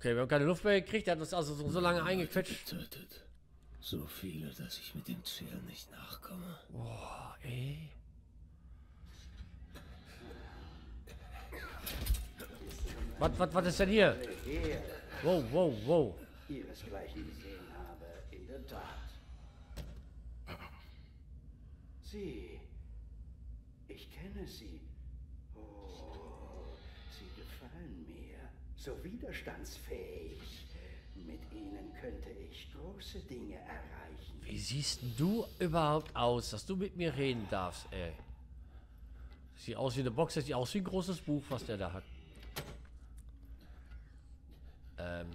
Okay, wir haben keine Luft mehr gekriegt. Er hat uns also so, so lange eingequetscht. Getötet. So viele, dass ich mit dem Zählen nicht nachkomme. Boah, ey. Was, was, was ist denn hier? Wow, wow, wow. Ihresgleichen gesehen habe, in der Tat. Sie. Ich kenne sie. so widerstandsfähig. Mit ihnen könnte ich große Dinge erreichen. Wie siehst du überhaupt aus, dass du mit mir reden darfst, ey? Sieht aus wie eine Box, sieht aus wie ein großes Buch, was der da hat. Ähm.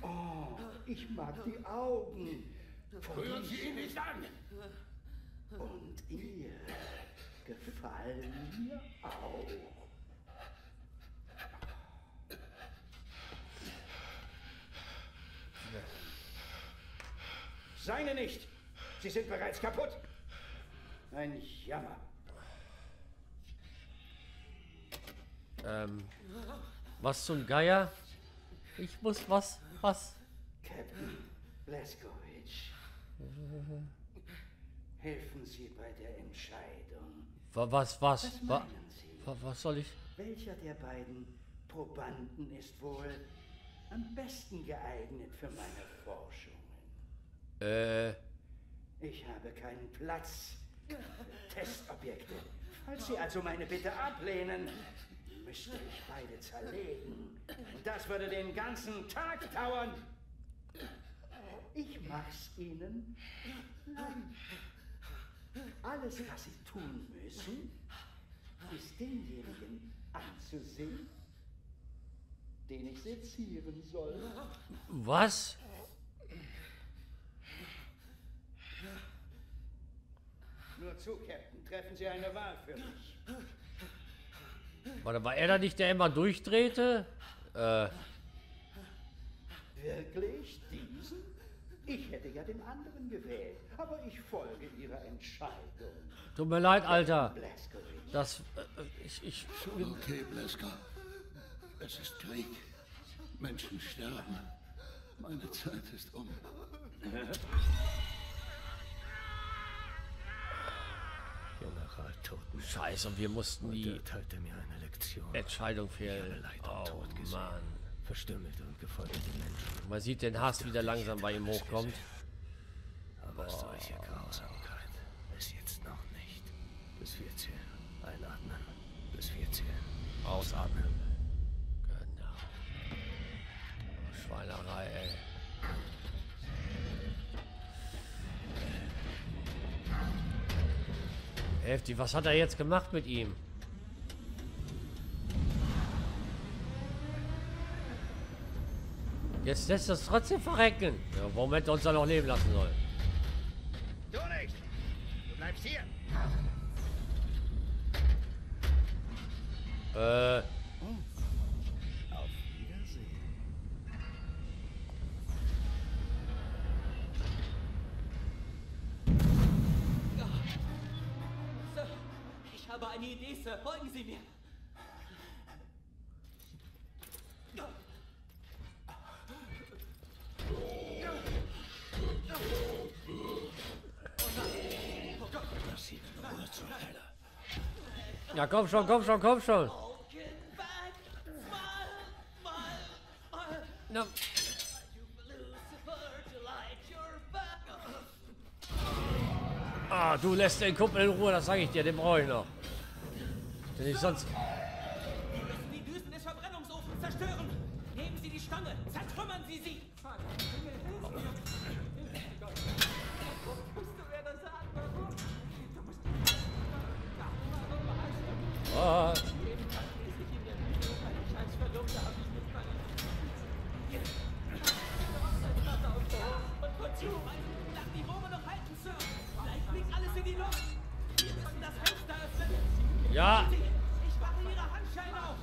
Oh, ich mag die Augen. Rühren Sie ihn nicht an! Und ihr gefallen mir auch. Seine nicht. Sie sind bereits kaputt. Ein Jammer. Ähm, was zum Geier? Ich muss was, was? Captain Blaskowitz. Helfen Sie bei der Entscheidung. Was, was? Was, was, wa was soll ich? Welcher der beiden Probanden ist wohl am besten geeignet für meine Forschung? Äh. Ich habe keinen Platz. Testobjekte. Falls Sie also meine Bitte ablehnen, müsste ich beide zerlegen. das würde den ganzen Tag dauern. Ich mach's Ihnen leicht. Alles, was Sie tun müssen, ist denjenigen anzusehen, den ich sezieren soll. Was? nur zu, Captain. Treffen Sie eine Wahl für mich. Warte, war er da nicht, der immer durchdrehte? Äh. Wirklich? Diesen? Ich hätte ja den anderen gewählt, aber ich folge Ihrer Entscheidung. Tut mir leid, Alter. Das. Äh, ich. ich okay, Blesker. Es ist Krieg. Menschen sterben. Meine Zeit ist um. Scheiße, und wir mussten die Entscheidung fehlen. Oh, Mann. Verstümmelte und gefolterte Menschen. Man sieht den Hass, wie der langsam bei ihm hochkommt. Aber solche Grausamkeit ist jetzt noch nicht. Bis 14. Einatmen. Bis 14. Ausatmen. Genau. Oh, Schweinerei, ey. Heftig, was hat er jetzt gemacht mit ihm? Jetzt lässt es trotzdem verrecken. Ja, warum hätte er uns da noch leben lassen sollen? Du nicht! Du bleibst hier! Äh. eine Idee, Sir. Folgen Sie mir. Ja, komm schon, komm schon, komm schon. No. Ah, du lässt den Kumpel in Ruhe, das sage ich dir, den brauche ich noch. Denn ich sonst. Wir müssen die Düsen des Verbrennungsofens zerstören. Nehmen Sie die Stange, zertrümmern Sie sie. Vater, Himmel, Ja. Ich mache Ihre auf.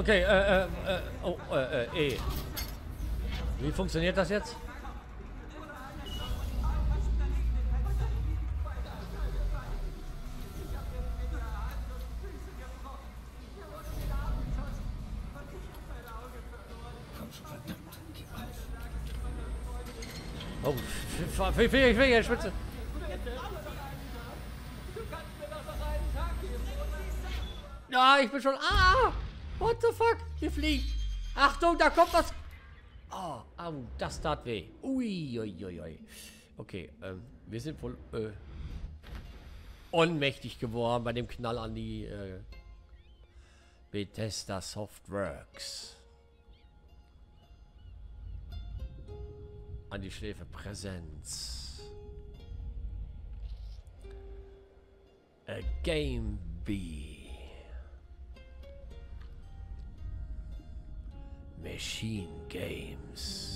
Okay, äh, äh, äh, oh, äh, eh. Wie funktioniert das jetzt? Oh, Finger, Finger, Spitze. Ja, ich bin schon. Ah! What the fuck? Hier fliegt. Achtung, da kommt was. Oh, au, das tat weh. Ui, ui, ui, ui. Okay, ähm, wir sind wohl äh, ohnmächtig geworden bei dem Knall an die äh, Bethesda Softworks. an die Schläfe. Präsenz. A game B. Machine Games.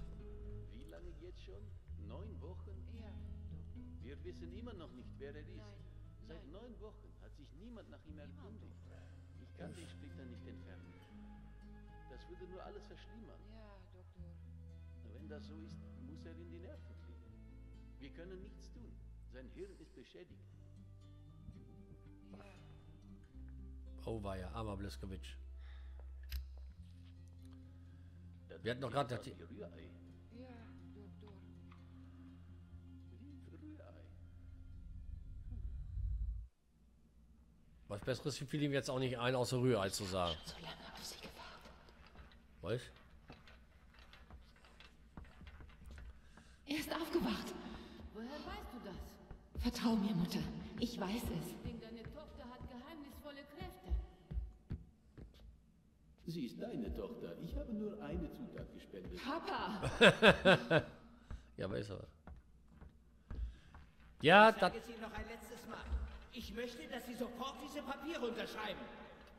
sich niemand nach ihm erkundigt. Ich kann den Splitter nicht entfernen. Das würde nur alles verschlimmern. Ja, Doktor. Wenn das so ist, muss er in die Nerven fliegen. Wir können nichts tun. Sein Hirn ist beschädigt. Ja. Oh, war ja armer Bleskowitsch. Wir hatten noch gerade Was Besseres fiel ihm jetzt auch nicht ein, außer Rührei zu sagen. Ich schon so lange auf sie gewartet. Was? Er ist aufgewacht. Woher weißt du das? Vertrau mir, Mutter. Ich weiß es. Deine Tochter hat geheimnisvolle Kräfte. Sie ist deine Tochter. Ich habe nur eine Zutat gespendet. Papa! ja, weiß aber. Ja, das... Ich sage sie noch ein letztes Mal. Ich möchte, dass Sie sofort diese Papiere unterschreiben.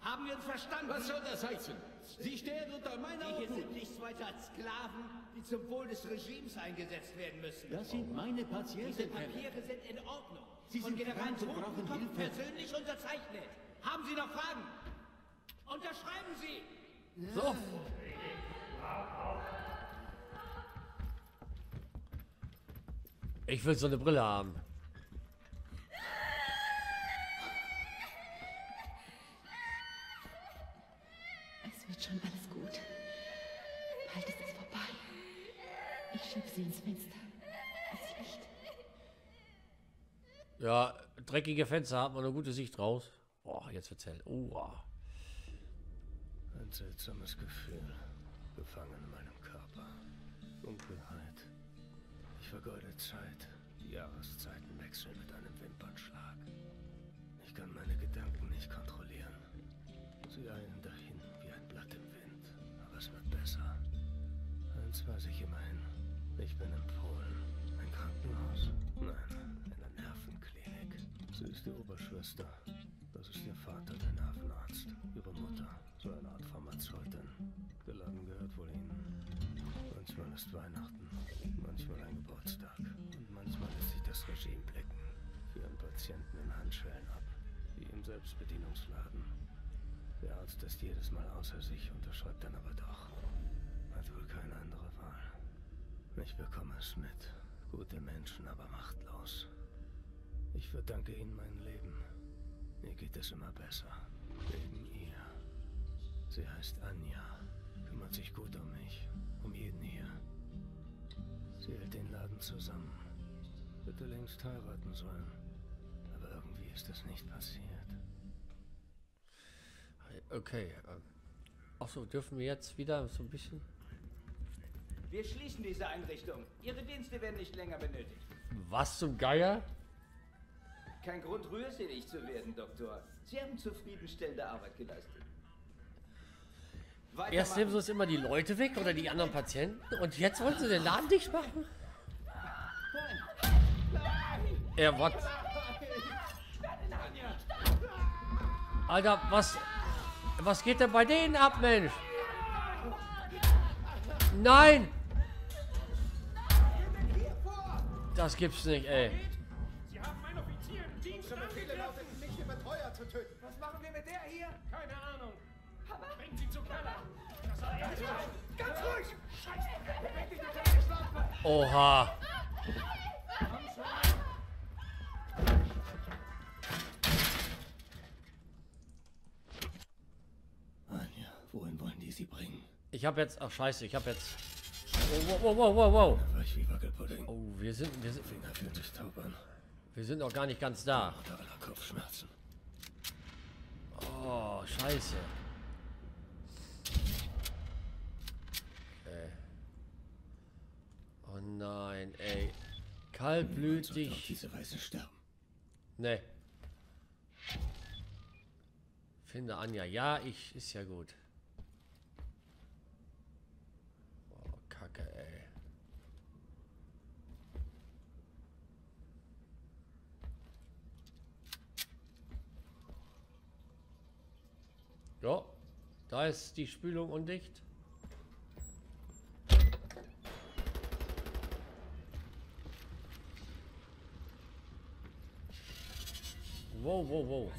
Haben wir uns verstanden? Was soll das heißen? Sie stehen unter meiner Obhut. Wir sind nichts weiter als Sklaven, die zum Wohl des Regimes eingesetzt werden müssen. Das sind meine Patienten. Diese Papiere sind in Ordnung. Sie sind Und General Totenkopf persönlich unterzeichnet. Haben Sie noch Fragen? Unterschreiben Sie! So. Ich will so eine Brille haben. wird schon alles gut. Bald ist es vorbei. Ich schieb sie ins Fenster. Als Licht. Ja, dreckige Fenster hat man eine gute Sicht raus. Boah, jetzt wird's hell. Oh, Ein seltsames Gefühl. Gefangen in meinem Körper. Dunkelheit. Ich vergeude Zeit. Die Jahreszeiten wechseln mit einem Wimpernschlag. Ich kann meine Gedanken nicht kontrollieren. Sie ein Eins weiß ich immerhin. Ich bin in Polen. Ein Krankenhaus? Nein, in einer Nervenklinik. Sie ist die Oberschwester. Das ist ihr Vater, der Nervenarzt. Ihre Mutter, so eine Art Pharmazeutin. Der Laden gehört wohl ihnen. Manchmal ist Weihnachten, manchmal ein Geburtstag. Und manchmal lässt sich das Regime blicken. Für einen Patienten in Handschellen ab. Wie im Selbstbedienungsladen. Der Arzt ist jedes Mal außer sich, unterschreibt dann aber doch hat wohl keine andere Wahl. Ich bekomme es mit. Gute Menschen, aber machtlos. Ich verdanke ihnen mein Leben. Mir geht es immer besser. Wegen ihr. Sie heißt Anja. Kümmert sich gut um mich. Um jeden hier. Sie hält den Laden zusammen. Hätte längst heiraten sollen. Aber irgendwie ist das nicht passiert. Okay. Äh, Achso, dürfen wir jetzt wieder so ein bisschen... Wir schließen diese Einrichtung. Ihre Dienste werden nicht länger benötigt. Was zum Geier? Kein Grund, rührselig zu werden, Doktor. Sie haben zufriedenstellende Arbeit geleistet. Erst nehmen sie uns immer die Leute weg oder die anderen Patienten und jetzt wollen sie den Laden dicht machen? Er was? Alter, was was geht denn bei denen ab, Mensch? Nein! Das gibt's nicht, ey. Sie haben einen Offizier im Dienst Unsere Befehle lauten, nicht den Betreuer zu töten. Was machen wir mit der hier? Keine Ahnung. Papa? Bringt sie zu Keller. Das hat er ja, Ganz ruhig! Scheiße! Bring dich mit deiner Schlafe! Oha! wohin wollen die sie bringen? Ich hab jetzt... Ach, scheiße, ich hab jetzt... Wow, wow, wow, wow, wow wir sind, wir sind... Finger fühlt sich taub Wir sind noch gar nicht ganz da. Oder aller Kopfschmerzen. Oh, scheiße. Okay. Oh nein, ey. Kaltblütig. diese Weise sterben. Nee. Finde Anja. Ja, ich. Ist ja gut. Ja, da ist die Spülung undicht. Wow, wow, wow.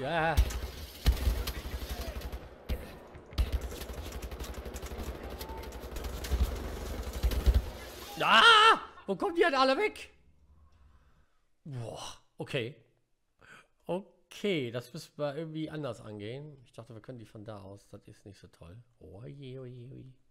Ja. Ah! Wo kommen die denn alle weg? Boah, okay. Okay, das müssen wir irgendwie anders angehen. Ich dachte, wir können die von da aus. Das ist nicht so toll. Oje, oje, oje.